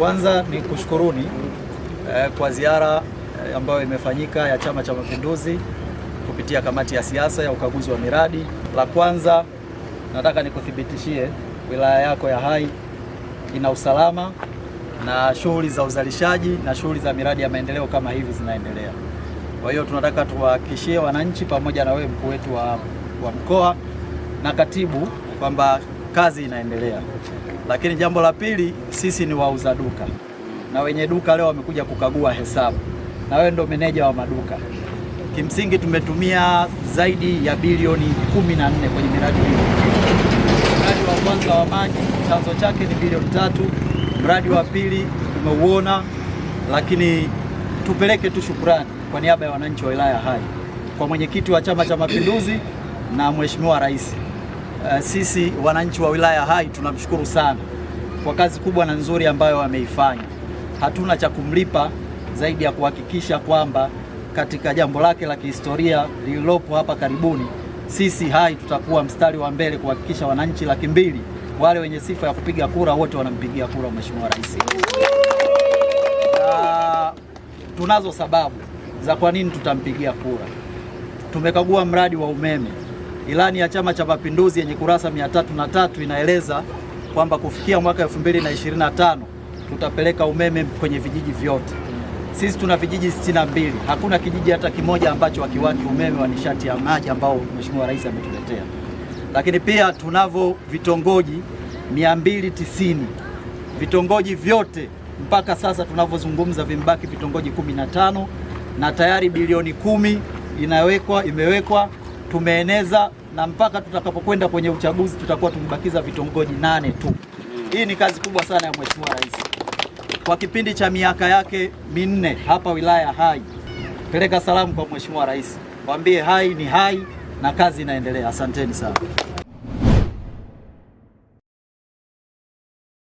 Kwanza ni kushukuruni eh, kwa ziara eh, ambayo imefanyika ya Chama cha Mapinduzi kupitia kamati ya siasa ya ukaguzi wa miradi. La kwanza nataka nikuthibitishie wilaya yako ya Hai ina usalama na shughuli za uzalishaji na shughuli za miradi ya maendeleo kama hivi zinaendelea. Kwa hiyo tunataka tuwahakikishie wananchi pamoja na wewe mkuu wetu wa, wa mkoa na katibu kwamba kazi inaendelea. Lakini jambo la pili, sisi ni wauza duka na wenye duka leo wamekuja kukagua hesabu, na wewe ndo meneja wa maduka. Kimsingi tumetumia zaidi ya bilioni 14 kwenye miradi hii. Mradi wa kwanza wa maji chanzo chake ni bilioni tatu. Mradi wa pili umeuona, lakini tupeleke tu shukurani kwa niaba ya wananchi wa wilaya Hai kwa mwenyekiti wa Chama cha Mapinduzi na Mheshimiwa Rais uh, sisi wananchi wa wilaya Hai tunamshukuru sana kwa kazi kubwa na nzuri ambayo ameifanya. Hatuna cha kumlipa zaidi ya kuhakikisha kwamba katika jambo lake la kihistoria lililopo hapa karibuni, sisi Hai tutakuwa mstari wa mbele kuhakikisha wananchi laki mbili wale wenye sifa ya kupiga kura wote wanampigia kura Mheshimiwa Rais. Ah, tunazo sababu za kwa nini tutampigia kura. Tumekagua mradi wa umeme Ilani ya Chama cha Mapinduzi yenye kurasa mia tatu na tatu inaeleza kwamba kufikia mwaka 2025 tutapeleka umeme kwenye vijiji vyote. Sisi tuna vijiji 62, hakuna kijiji hata kimoja ambacho hakiwaki umeme wa nishati ya maji ambao Mheshimiwa Rais ametuletea. Lakini pia tunavyo vitongoji 290 vitongoji vyote mpaka sasa tunavyozungumza vimebaki vitongoji 15 na tayari bilioni kumi inawekwa imewekwa tumeeneza na mpaka tutakapokwenda kwenye uchaguzi tutakuwa tumebakiza vitongoji nane tu. Mm. Hii ni kazi kubwa sana ya Mheshimiwa Rais kwa kipindi cha miaka yake minne hapa wilaya Hai. Peleka salamu kwa Mheshimiwa Rais, mwambie Hai ni hai na kazi inaendelea. Asanteni sana.